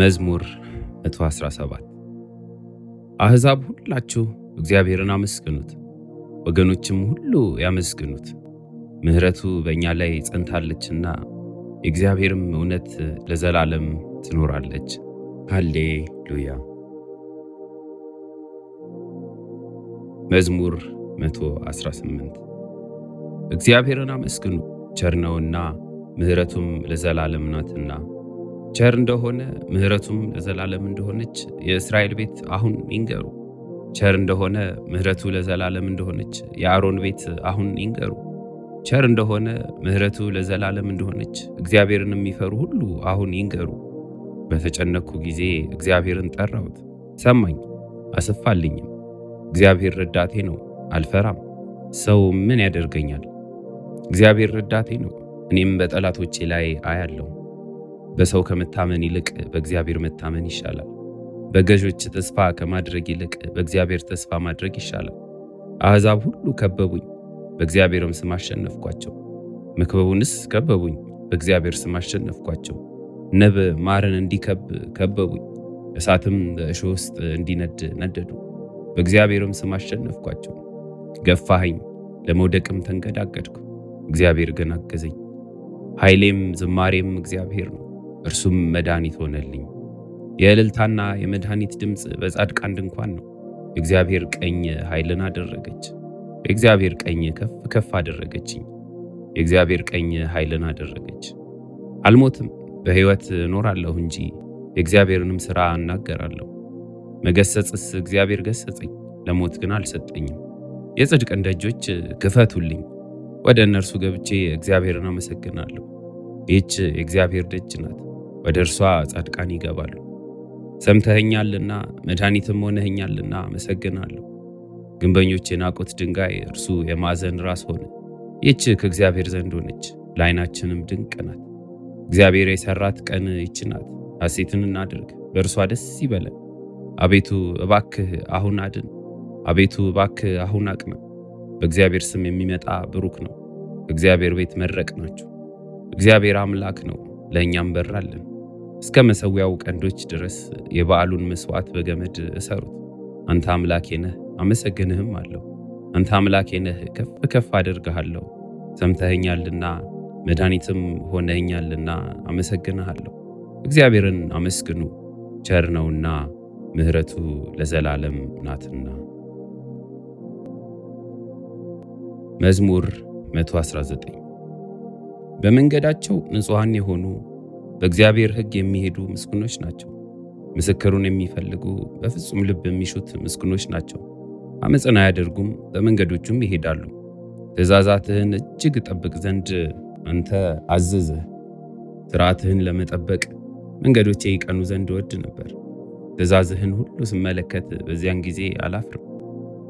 መዝሙር 117 አሕዛብ ሁላችሁ እግዚአብሔርን አመስግኑት፣ ወገኖችም ሁሉ ያመስግኑት። ምሕረቱ በእኛ ላይ ጸንታለችና የእግዚአብሔርም እውነት ለዘላለም ትኖራለች። ሃሌሉያ። መዝሙር 118 እግዚአብሔርን አመስግኑ፣ ቸርነውና ምሕረቱም ለዘላለም ናትና ቸር እንደሆነ ምሕረቱም ለዘላለም እንደሆነች የእስራኤል ቤት አሁን ይንገሩ። ቸር እንደሆነ ምሕረቱ ለዘላለም እንደሆነች የአሮን ቤት አሁን ይንገሩ። ቸር እንደሆነ ምሕረቱ ለዘላለም እንደሆነች እግዚአብሔርን የሚፈሩ ሁሉ አሁን ይንገሩ። በተጨነኩ ጊዜ እግዚአብሔርን ጠራሁት፣ ሰማኝ አስፋልኝም። እግዚአብሔር ረዳቴ ነው፣ አልፈራም። ሰው ምን ያደርገኛል? እግዚአብሔር ረዳቴ ነው፣ እኔም በጠላቶቼ ላይ አያለሁ። በሰው ከመታመን ይልቅ በእግዚአብሔር መታመን ይሻላል። በገዦች ተስፋ ከማድረግ ይልቅ በእግዚአብሔር ተስፋ ማድረግ ይሻላል። አሕዛብ ሁሉ ከበቡኝ፣ በእግዚአብሔርም ስም አሸነፍኳቸው። መክበቡንስ ከበቡኝ፣ በእግዚአብሔር ስም አሸነፍኳቸው። ንብ ማርን እንዲከብ ከበቡኝ፣ እሳትም በእሾህ ውስጥ እንዲነድ ነደዱ። በእግዚአብሔርም ስም አሸነፍኳቸው። ገፋኸኝ፣ ለመውደቅም ተንገዳገድኩ፣ እግዚአብሔር ግን አገዘኝ። ኃይሌም ዝማሬም እግዚአብሔር ነው። እርሱም መድኃኒት ሆነልኝ። የእልልታና የመድኃኒት ድምፅ በጻድቃን ድንኳን ነው። የእግዚአብሔር ቀኝ ኃይልን አደረገች። የእግዚአብሔር ቀኝ ከፍ ከፍ አደረገችኝ። የእግዚአብሔር ቀኝ ኃይልን አደረገች። አልሞትም በሕይወት እኖራለሁ እንጂ የእግዚአብሔርንም ሥራ እናገራለሁ። መገሰጽስ እግዚአብሔር ገሰጸኝ፣ ለሞት ግን አልሰጠኝም። የጽድቅን ደጆች ክፈቱልኝ፣ ወደ እነርሱ ገብቼ እግዚአብሔርን አመሰግናለሁ። ይህች የእግዚአብሔር ደጅ ናት። ወደ እርሷ ጻድቃን ይገባሉ። ሰምተኸኛልና መድኃኒትም ሆነኸኛልና አመሰግናለሁ። ግንበኞች የናቁት ድንጋይ እርሱ የማዕዘን ራስ ሆነ። ይህች ከእግዚአብሔር ዘንድ ሆነች፣ ለዓይናችንም ድንቅ ናት። እግዚአብሔር የሰራት ቀን ይህች ናት። ሐሴትን እናድርግ፣ በእርሷ ደስ ይበለን። አቤቱ እባክህ አሁን አድን፣ አቤቱ እባክህ አሁን አቅና። በእግዚአብሔር ስም የሚመጣ ብሩክ ነው። እግዚአብሔር ቤት መረቅ ናቸው። እግዚአብሔር አምላክ ነው፣ ለእኛም በራለን። እስከ መሰዊያው ቀንዶች ድረስ የበዓሉን መስዋዕት በገመድ እሰሩት። አንተ አምላኬ ነህ አመሰግንህም አለው አንተ አምላኬ ነህ ከፍ ከፍ አደርግሃለሁ። ሰምተኸኛልና መድኃኒትም ሆነኸኛልና አመሰግንሃለሁ። እግዚአብሔርን አመስግኑ፣ ቸር ነውና ምሕረቱ ለዘላለም ናትና። መዝሙር 119 በመንገዳቸው ንጹሐን የሆኑ በእግዚአብሔር ሕግ የሚሄዱ ምስጉኖች ናቸው። ምስክሩን የሚፈልጉ በፍጹም ልብ የሚሹት ምስጉኖች ናቸው። አመፅን አያደርጉም፣ በመንገዶቹም ይሄዳሉ። ትእዛዛትህን እጅግ ጠብቅ ዘንድ አንተ አዘዝህ። ሥርዓትህን ለመጠበቅ መንገዶቼ ይቀኑ ዘንድ ወድ ነበር። ትእዛዝህን ሁሉ ስመለከት በዚያን ጊዜ አላፍርም።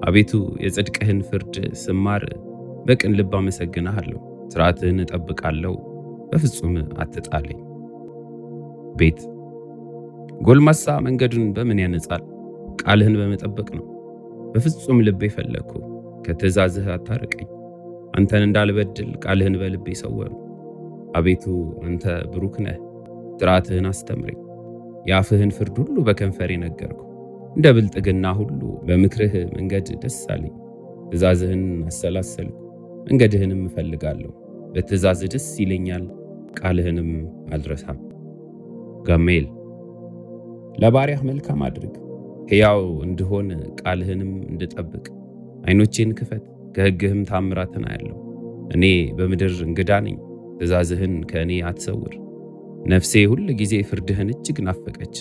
አቤቱ የጽድቅህን ፍርድ ስማር በቅን ልብ አመሰግንሃለሁ። ሥርዓትህን እጠብቃለሁ፣ በፍጹም አትጣለኝ። ቤት ጎልማሳ መንገዱን በምን ያነጻል? ቃልህን በመጠበቅ ነው። በፍጹም ልቤ ፈለግኩ፣ ከትእዛዝህ አታርቀኝ። አንተን እንዳልበድል ቃልህን በልቤ ሰወሩ። አቤቱ አንተ ብሩክ ነህ፣ ሥርዓትህን አስተምረኝ። የአፍህን ፍርድ ሁሉ በከንፈሬ ነገርኩ። እንደ ብልጥግና ሁሉ በምክርህ መንገድ ደስ አለኝ። ትእዛዝህን አሰላሰልኩ፣ መንገድህንም እፈልጋለሁ። በትእዛዝህ ደስ ይለኛል፣ ቃልህንም አልረሳም። ገሜል ለባሪያህ መልካም አድርግ፣ ሕያው እንድሆን ቃልህንም እንድጠብቅ። ዐይኖቼን ክፈት፣ ከሕግህም ታምራትን አያለሁ። እኔ በምድር እንግዳ ነኝ፣ ትእዛዝህን ከእኔ አትሰውር። ነፍሴ ሁል ጊዜ ፍርድህን እጅግ ናፈቀች።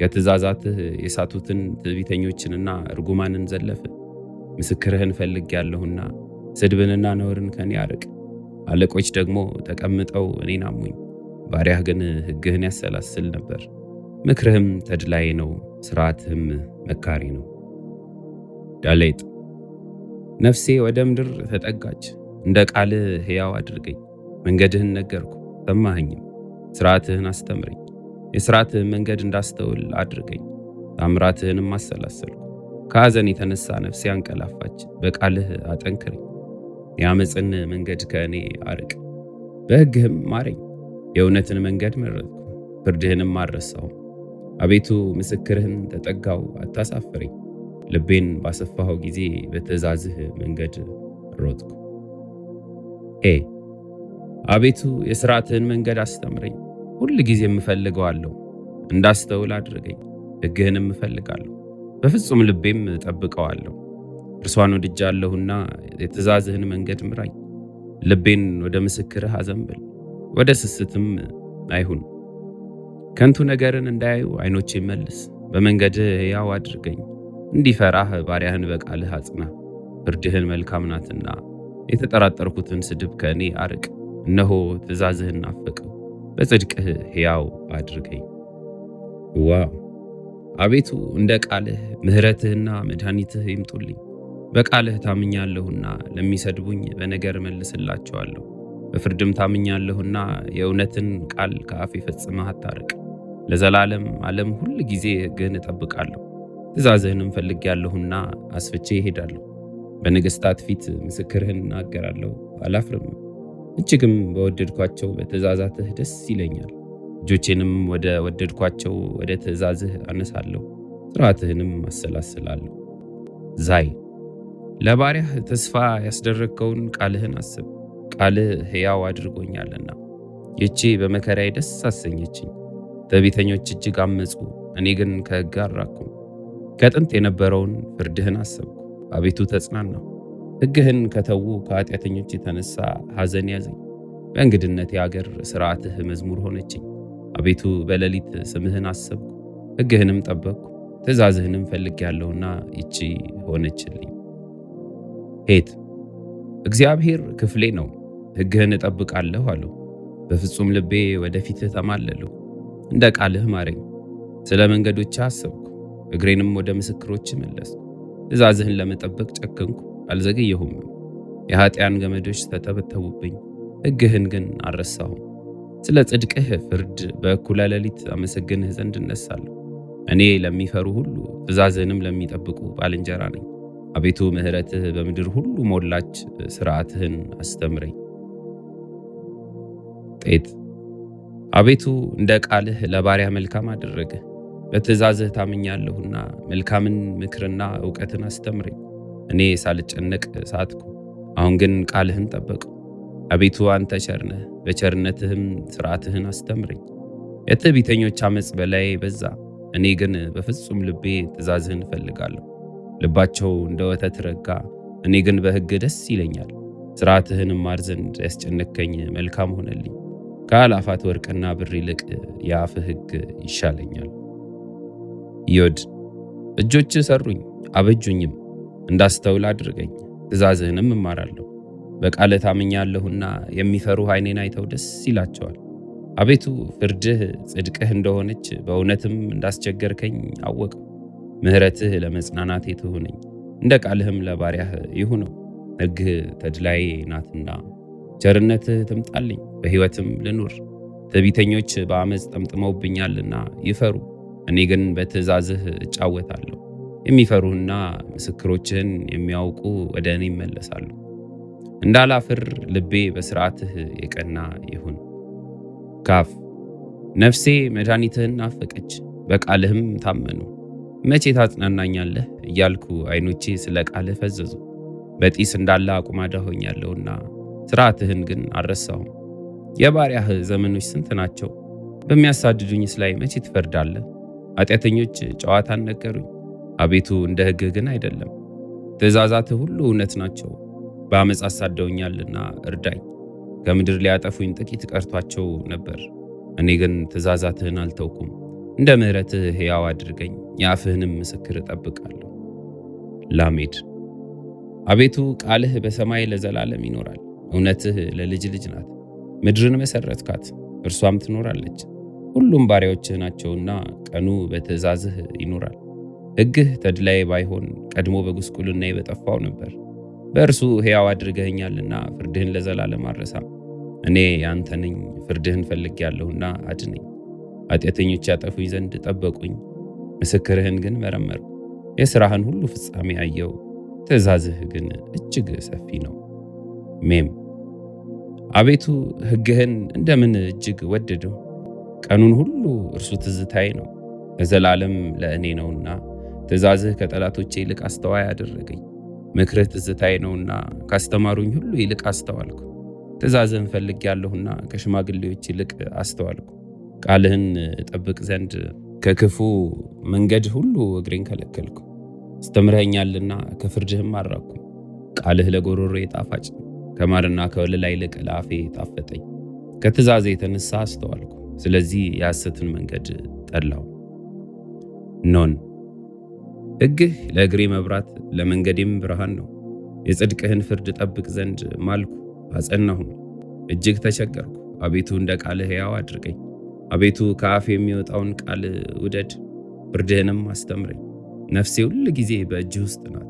ከትእዛዛትህ የሳቱትን ትዕቢተኞችንና እርጉማንን ዘለፍ። ምስክርህን ፈልግ ያለሁና ስድብንና ነውርን ከእኔ አርቅ። አለቆች ደግሞ ተቀምጠው እኔን አሙኝ። ባሪያህ ግን ሕግህን ያሰላስል ነበር። ምክርህም ተድላይ ነው፣ ስርዓትህም መካሪ ነው። ዳሌጥ ነፍሴ ወደ ምድር ተጠጋች፣ እንደ ቃልህ ሕያው አድርገኝ። መንገድህን ነገርኩ ሰማኸኝም፣ ስርዓትህን አስተምረኝ። የሥርዓትህን መንገድ እንዳስተውል አድርገኝ፣ ታምራትህንም አሰላሰልኩ። ከሐዘን የተነሳ ነፍሴ አንቀላፋች፣ በቃልህ አጠንክረኝ። የአመፅን መንገድ ከእኔ አርቅ፣ በሕግህም ማረኝ። የእውነትን መንገድ መረጥኩ፣ ፍርድህንም አልረሳሁም። አቤቱ ምስክርህን ተጠጋው፣ አታሳፍረኝ። ልቤን ባሰፋኸው ጊዜ በትእዛዝህ መንገድ ሮጥኩ። ሄ አቤቱ የሥርዓትህን መንገድ አስተምረኝ፣ ሁል ጊዜ የምፈልገዋለሁ። እንዳስተውል አድርገኝ፣ ሕግህንም እፈልጋለሁ፣ በፍጹም ልቤም እጠብቀዋለሁ። እርሷን ወድጃለሁና የትእዛዝህን መንገድ ምራኝ። ልቤን ወደ ምስክርህ አዘንብል። ወደ ስስትም አይሁን። ከንቱ ነገርን እንዳያዩ ዓይኖቼ መልስ። በመንገድህ ሕያው አድርገኝ። እንዲፈራህ ባሪያህን በቃልህ አጽና። ፍርድህን መልካም ናትና የተጠራጠርኩትን ስድብ ከእኔ አርቅ። እነሆ ትእዛዝህን ናፈቅሁ፣ በጽድቅህ ሕያው አድርገኝ። ዋው! አቤቱ እንደ ቃልህ ምሕረትህና መድኃኒትህ ይምጡልኝ። በቃልህ ታምኛለሁና ለሚሰድቡኝ በነገር መልስላቸዋለሁ። በፍርድም ታምኛለሁና የእውነትን ቃል ከአፌ ፈጽመህ አታርቅ። ለዘላለም ዓለም ሁል ጊዜ ሕግህን እጠብቃለሁ። ትእዛዝህንም ፈልጌያለሁና አስፍቼ እሄዳለሁ። በነገሥታት ፊት ምስክርህን እናገራለሁ አላፍርም። እጅግም በወደድኳቸው በትእዛዛትህ ደስ ይለኛል። እጆቼንም ወደ ወደድኳቸው ወደ ትእዛዝህ አነሳለሁ፣ ሥርዓትህንም አሰላስላለሁ። ዛይ ለባሪያህ ተስፋ ያስደረግከውን ቃልህን አስብ። ቃልህ ሕያው አድርጎኛልና። ይቺ በመከራዬ ደስ አሰኘችኝ። ትዕቢተኞች እጅግ አመፁ፣ እኔ ግን ከሕግ አልራኩም። ከጥንት የነበረውን ፍርድህን አሰብኩ፣ አቤቱ ተጽናናሁ። ሕግህን ከተዉ ከኃጢአተኞች የተነሳ ሐዘን ያዘኝ። በእንግድነት የአገር ሥርዓትህ መዝሙር ሆነችኝ። አቤቱ በሌሊት ስምህን አሰብኩ፣ ሕግህንም ጠበቅኩ። ትእዛዝህንም ያለውና ይቺ ሆነችልኝ። ሄት እግዚአብሔር ክፍሌ ነው፣ ሕግህን እጠብቃለሁ አለው። በፍጹም ልቤ ወደፊትህ ተማለልሁ፣ እንደ ቃልህ ማረኝ። ስለ መንገዶች አሰብኩ፣ እግሬንም ወደ ምስክሮች መለስኩ። ትእዛዝህን ለመጠበቅ ጨክንኩ፣ አልዘገየሁም። የኃጢያን ገመዶች ተተበተቡብኝ፣ ሕግህን ግን አልረሳሁም። ስለ ጽድቅህ ፍርድ በእኩለ ሌሊት አመሰግንህ ዘንድ እነሳለሁ። እኔ ለሚፈሩ ሁሉ ትእዛዝህንም ለሚጠብቁ ባልንጀራ ነኝ። አቤቱ ምሕረትህ በምድር ሁሉ ሞላች፣ ሥርዓትህን አስተምረኝ። ጤት አቤቱ እንደ ቃልህ ለባሪያ መልካም አደረገ። በትእዛዝህ ታምኛለሁና መልካምን ምክርና እውቀትን አስተምረኝ። እኔ ሳልጨነቅ ሳትኩ፣ አሁን ግን ቃልህን ጠበቅሁ። አቤቱ አንተ ቸርነህ በቸርነትህም ስርዓትህን አስተምረኝ። የትዕቢተኞች ዓመፅ በላይ በዛ፣ እኔ ግን በፍጹም ልቤ ትእዛዝህን እፈልጋለሁ። ልባቸው እንደ ወተት ረጋ፣ እኔ ግን በሕግ ደስ ይለኛል። ስርዓትህንም ማር ዘንድ ያስጨነከኝ መልካም ሆነልኝ። ከአላፋት ወርቅና ብር ይልቅ የአፍ ሕግ ይሻለኛል። ዮድ እጆች ሰሩኝ አበጁኝም፣ እንዳስተውል አድርገኝ ትእዛዝህንም እማራለሁ። በቃለ ታምኛለሁና የሚፈሩህ ዓይኔን አይተው ደስ ይላቸዋል። አቤቱ ፍርድህ ጽድቅህ እንደሆነች በእውነትም እንዳስቸገርከኝ አወቅ። ምሕረትህ ለመጽናናቴ ትሁነኝ፣ እንደ ቃልህም ለባሪያህ ይሁነው። ሕግህ ተድላዬ ናትና ቸርነትህ ትምጣልኝ በሕይወትም ልኑር። ትዕቢተኞች በአመፅ ጠምጥመውብኛልና ይፈሩ፣ እኔ ግን በትእዛዝህ እጫወታለሁ። የሚፈሩህና ምስክሮችህን የሚያውቁ ወደ እኔ ይመለሳሉ። እንዳላፍር ልቤ በሥርዓትህ የቀና ይሁን። ካፍ ነፍሴ መድኃኒትህን ናፈቀች፣ በቃልህም ታመኑ። መቼ ታጽናናኛለህ እያልኩ አይኖቼ ስለ ቃልህ ፈዘዙ። በጢስ እንዳለ አቁማዳ ሆኛለሁና ሥርዓትህን ግን አልረሳሁም። የባሪያህ ዘመኖች ስንት ናቸው? በሚያሳድዱኝስ ላይ መቼ ትፈርዳለህ? ኃጢአተኞች ጨዋታን ነገሩኝ፣ አቤቱ እንደ ሕግህ ግን አይደለም። ትእዛዛትህ ሁሉ እውነት ናቸው። በአመፅ አሳደውኛልና እርዳኝ። ከምድር ሊያጠፉኝ ጥቂት ቀርቷቸው ነበር፣ እኔ ግን ትእዛዛትህን አልተውኩም። እንደ ምሕረትህ ሕያው አድርገኝ፣ የአፍህንም ምስክር እጠብቃለሁ። ላሜድ አቤቱ ቃልህ በሰማይ ለዘላለም ይኖራል። እውነትህ ለልጅ ልጅ ናት። ምድርን መሰረትካት፣ እርሷም ትኖራለች። ሁሉም ባሪያዎችህ ናቸውና ቀኑ በትእዛዝህ ይኖራል። ሕግህ ተድላይ ባይሆን ቀድሞ በጉስቁልና በጠፋው ነበር። በእርሱ ሕያው አድርገኸኛልና ፍርድህን ለዘላለም አረሳም። እኔ ያንተ ነኝ፣ ፍርድህን ፈልጌያለሁና አድነኝ። ኃጢአተኞች ያጠፉኝ ዘንድ ጠበቁኝ፣ ምስክርህን ግን መረመርኩ። የሥራህን ሁሉ ፍጻሜ አየው፣ ትእዛዝህ ግን እጅግ ሰፊ ነው። ሜም አቤቱ ሕግህን እንደምን እጅግ ወደድሁ። ቀኑን ሁሉ እርሱ ትዝታዬ ነው፣ ለዘላለም ለእኔ ነውና። ትእዛዝህ ከጠላቶቼ ይልቅ አስተዋይ አደረገኝ። ምክርህ ትዝታዬ ነውና ካስተማሩኝ ሁሉ ይልቅ አስተዋልኩ። ትእዛዝህን ያለሁና ከሽማግሌዎች ይልቅ አስተዋልኩ። ቃልህን እጠብቅ ዘንድ ከክፉ መንገድ ሁሉ እግሬን ከለከልኩ። አስተምረኸኛልና ከፍርድህም አራኩ። ቃልህ ለጎሮሮ ጣፋጭ ነው ከማርና ከወለላ ይልቅ ለአፌ ጣፈጠኝ። ከትእዛዝ የተነሳ አስተዋልኩ፣ ስለዚህ የሐሰትን መንገድ ጠላው። ኖን ሕግህ ለእግሬ መብራት ለመንገዴም ብርሃን ነው። የጽድቅህን ፍርድ ጠብቅ ዘንድ ማልኩ፣ አጸናሁም። እጅግ ተቸገርኩ። አቤቱ እንደ ቃልህ ሕያው አድርገኝ። አቤቱ ከአፍ የሚወጣውን ቃል ውደድ፣ ፍርድህንም አስተምረኝ። ነፍሴ ሁል ጊዜ በእጅህ ውስጥ ናት፣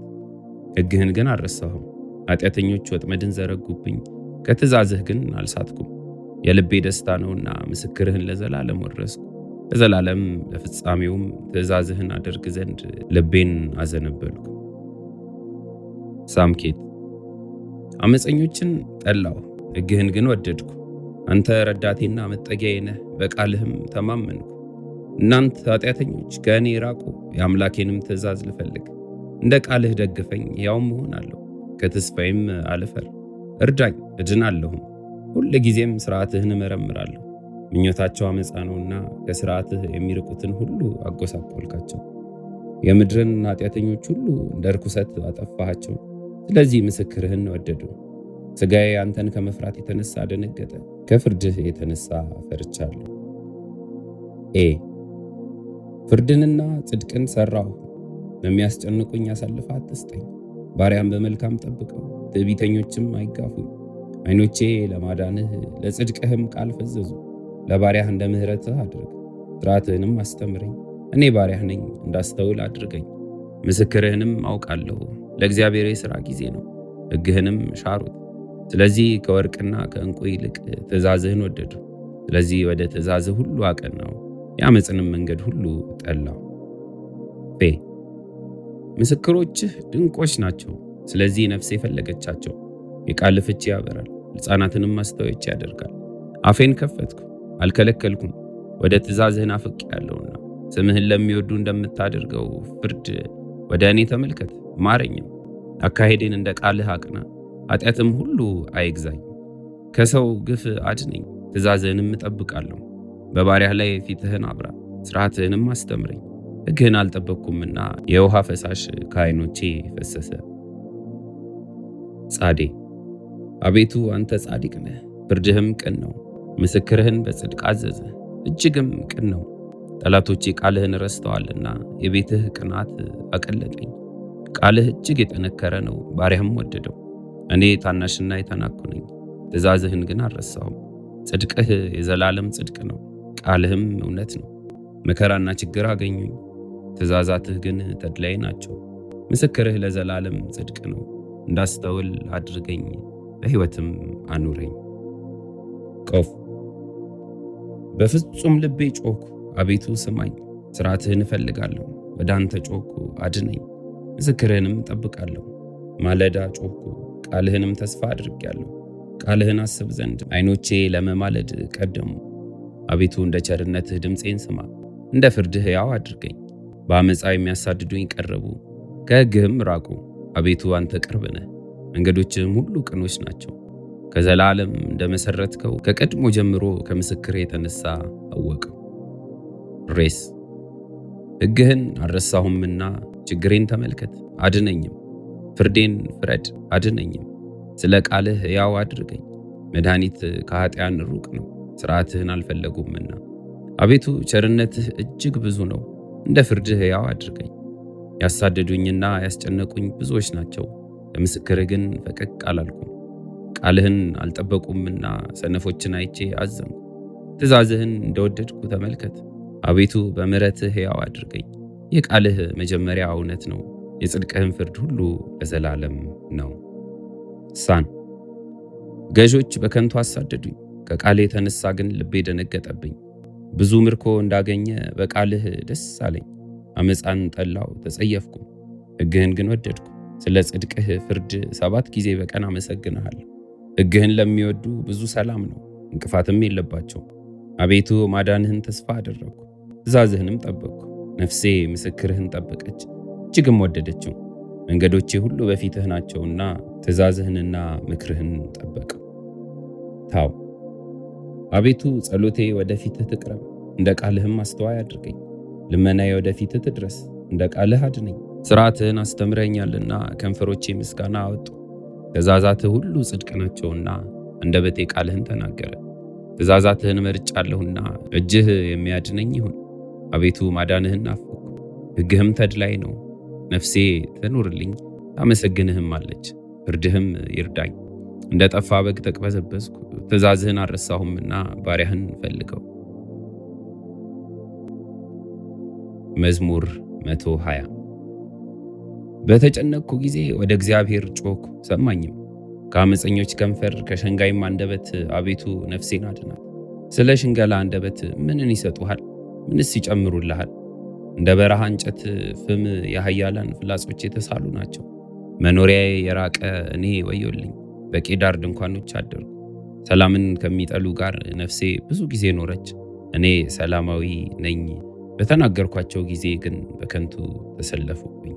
ሕግህን ግን አልረሳሁም። ኃጢአተኞች ወጥመድን ዘረጉብኝ፣ ከትእዛዝህ ግን አልሳትኩም። የልቤ ደስታ ነውና ምስክርህን ለዘላለም ወረስኩ። ለዘላለም ለፍጻሜውም ትእዛዝህን አደርግ ዘንድ ልቤን አዘነበልኩ። ሳምኬት አመፀኞችን ጠላሁ፣ ሕግህን ግን ወደድኩ። አንተ ረዳቴና መጠጊያዬ ነህ፣ በቃልህም ተማመንኩ። እናንተ ኃጢአተኞች ከእኔ ራቁ፣ የአምላኬንም ትእዛዝ ልፈልግ። እንደ ቃልህ ደግፈኝ፣ ያውም እሆናለሁ። ከተስፋዬም አልፈር። እርዳኝ እድናለሁም። ሁል ጊዜም ስርዓትህን እመረምራለሁ። ምኞታቸው አመፃ ነውና ከስርዓትህ የሚርቁትን ሁሉ አጎሳቆልካቸው። የምድርን ኃጢአተኞች ሁሉ እንደ ርኩሰት አጠፋሃቸው። ስለዚህ ምስክርህን ወደዱ። ስጋዬ አንተን ከመፍራት የተነሳ ደነገጠ፣ ከፍርድህ የተነሳ ፈርቻለሁ። ኤ ፍርድንና ጽድቅን ሰራሁ፣ ለሚያስጨንቁኝ አሳልፈህ አትስጠኝ። ባሪያም በመልካም ጠብቀው፣ ትዕቢተኞችም አይጋፉኝ። ዓይኖቼ ለማዳንህ ለጽድቅህም ቃል ፈዘዙ። ለባሪያህ እንደ ምሕረትህ አድርግ፣ ሥርዓትህንም አስተምረኝ። እኔ ባሪያህ ነኝ፣ እንዳስተውል አድርገኝ። ምስክርህንም አውቃለሁ። ለእግዚአብሔር የሥራ ጊዜ ነው፣ ሕግህንም ሻሩት። ስለዚህ ከወርቅና ከእንቁ ይልቅ ትእዛዝህን ወደዱ። ስለዚህ ወደ ትእዛዝህ ሁሉ አቀናው፣ የአመፅንም መንገድ ሁሉ ጠላው። ፌ ምስክሮችህ ድንቆች ናቸው። ስለዚህ ነፍሴ የፈለገቻቸው የቃል ፍቺ ያበራል፣ ሕፃናትንም ማስታወቻ ያደርጋል። አፌን ከፈትኩ አልከለከልኩም፣ ወደ ትእዛዝህን አፍቅ ያለውና ስምህን ለሚወዱ እንደምታደርገው ፍርድ ወደ እኔ ተመልከት ማረኝም። አካሄዴን እንደ ቃልህ አቅና፣ ኃጢአትም ሁሉ አይግዛኝ። ከሰው ግፍ አድነኝ፣ ትእዛዝህንም እጠብቃለሁ። በባሪያህ ላይ ፊትህን አብራ፣ ስርዓትህንም አስተምረኝ። ሕግህን አልጠበቅኩምና የውሃ ፈሳሽ ከዓይኖቼ ፈሰሰ። ጻዴ አቤቱ አንተ ጻድቅ ነህ፣ ፍርድህም ቅን ነው። ምስክርህን በጽድቅ አዘዘ፣ እጅግም ቅን ነው። ጠላቶቼ ቃልህን ረስተዋልና የቤትህ ቅናት አቀለጠኝ። ቃልህ እጅግ የጠነከረ ነው፣ ባሪያም ወደደው። እኔ ታናሽና የተናኩ ነኝ፣ ትእዛዝህን ግን አልረሳውም ጽድቅህ የዘላለም ጽድቅ ነው፣ ቃልህም እውነት ነው። መከራና ችግር አገኙኝ፣ ትእዛዛትህ ግን ተድላይ ናቸው። ምስክርህ ለዘላለም ጽድቅ ነው። እንዳስተውል አድርገኝ፣ በሕይወትም አኑረኝ። ቆፍ በፍጹም ልቤ ጮኩ፣ አቤቱ ስማኝ። ሥርዓትህን እፈልጋለሁ፣ ወደ አንተ ጮኩ፣ አድነኝ። ምስክርህንም እጠብቃለሁ። ማለዳ ጮኩ፣ ቃልህንም ተስፋ አድርጌያለሁ። ቃልህን አስብ ዘንድ ዐይኖቼ ለመማለድ ቀደሙ። አቤቱ እንደ ቸርነትህ ድምፄን ስማ፣ እንደ ፍርድህ ሕያው አድርገኝ። በአመፃ የሚያሳድዱኝ ቀረቡ፣ ከሕግህም ራቁ። አቤቱ አንተ ቅርብ ነህ፣ መንገዶችህም ሁሉ ቅኖች ናቸው። ከዘላለም እንደመሰረትከው ከቀድሞ ጀምሮ ከምስክር የተነሳ አወቅ ሬስ ሕግህን አልረሳሁምና ችግሬን ተመልከት አድነኝም። ፍርዴን ፍረድ አድነኝም። ስለ ቃልህ ሕያው አድርገኝ። መድኃኒት ከኃጢያን ሩቅ ነው፣ ሥርዓትህን አልፈለጉምና። አቤቱ ቸርነትህ እጅግ ብዙ ነው፣ እንደ ፍርድህ ሕያው አድርገኝ። ያሳደዱኝና ያስጨነቁኝ ብዙዎች ናቸው፣ ለምስክርህ ግን ፈቀቅ አላልኩም። ቃልህን አልጠበቁምና ሰነፎችን አይቼ አዘንኩ። ትእዛዝህን እንደወደድኩ ተመልከት። አቤቱ በምሕረትህ ሕያው አድርገኝ። የቃልህ መጀመሪያ እውነት ነው፣ የጽድቅህን ፍርድ ሁሉ ለዘላለም ነው። ሳን ገዦች በከንቱ አሳደዱኝ፣ ከቃል የተነሳ ግን ልቤ ደነገጠብኝ። ብዙ ምርኮ እንዳገኘ በቃልህ ደስ አለኝ። አመፃን ጠላው ተጸየፍኩ፣ ሕግህን ግን ወደድኩ። ስለ ጽድቅህ ፍርድ ሰባት ጊዜ በቀን አመሰግንሃለሁ። ሕግህን ለሚወዱ ብዙ ሰላም ነው፣ እንቅፋትም የለባቸውም። አቤቱ ማዳንህን ተስፋ አደረግኩ፣ ትእዛዝህንም ጠበቅኩ። ነፍሴ ምስክርህን ጠበቀች፣ እጅግም ወደደችው። መንገዶቼ ሁሉ በፊትህ ናቸውና ትእዛዝህንና ምክርህን ጠበቅ ታው አቤቱ ጸሎቴ ወደ ፊትህ ትቅረብ፣ እንደ ቃልህም አስተዋይ አድርገኝ። ልመናዬ ወደ ፊትህ ትድረስ፣ እንደ ቃልህ አድነኝ። ሥርዓትህን አስተምረኛልና ከንፈሮቼ ምስጋና አወጡ። ትእዛዛትህ ሁሉ ጽድቅ ናቸውና አንደበቴ ቃልህን ተናገረ። ትእዛዛትህን መርጫለሁና እጅህ የሚያድነኝ ይሁን። አቤቱ ማዳንህን ናፈቅሁ፣ ሕግህም ተድላይ ነው። ነፍሴ ትኑርልኝ ታመሰግንህም አለች። ፍርድህም ይርዳኝ። እንደ ጠፋ በግ ተቅበዘበዝኩ፣ ትእዛዝህን አልረሳሁምና ባሪያህን ፈልገው። መዝሙር 120 በተጨነቅኩ ጊዜ ወደ እግዚአብሔር ጮክ ሰማኝም። ከአመፀኞች ከንፈር ከሸንጋይም አንደበት አቤቱ ነፍሴን አድናት። ስለ ሽንገላ አንደበት ምንን ይሰጡሃል? ምንስ ይጨምሩልሃል? እንደ በረሃ እንጨት ፍም የኃያላን ፍላጾች የተሳሉ ናቸው። መኖሪያዬ የራቀ እኔ ወዮልኝ፣ በቄዳር ድንኳኖች አደርኩ። ሰላምን ከሚጠሉ ጋር ነፍሴ ብዙ ጊዜ ኖረች። እኔ ሰላማዊ ነኝ በተናገርኳቸው ጊዜ ግን በከንቱ ተሰለፉብኝ።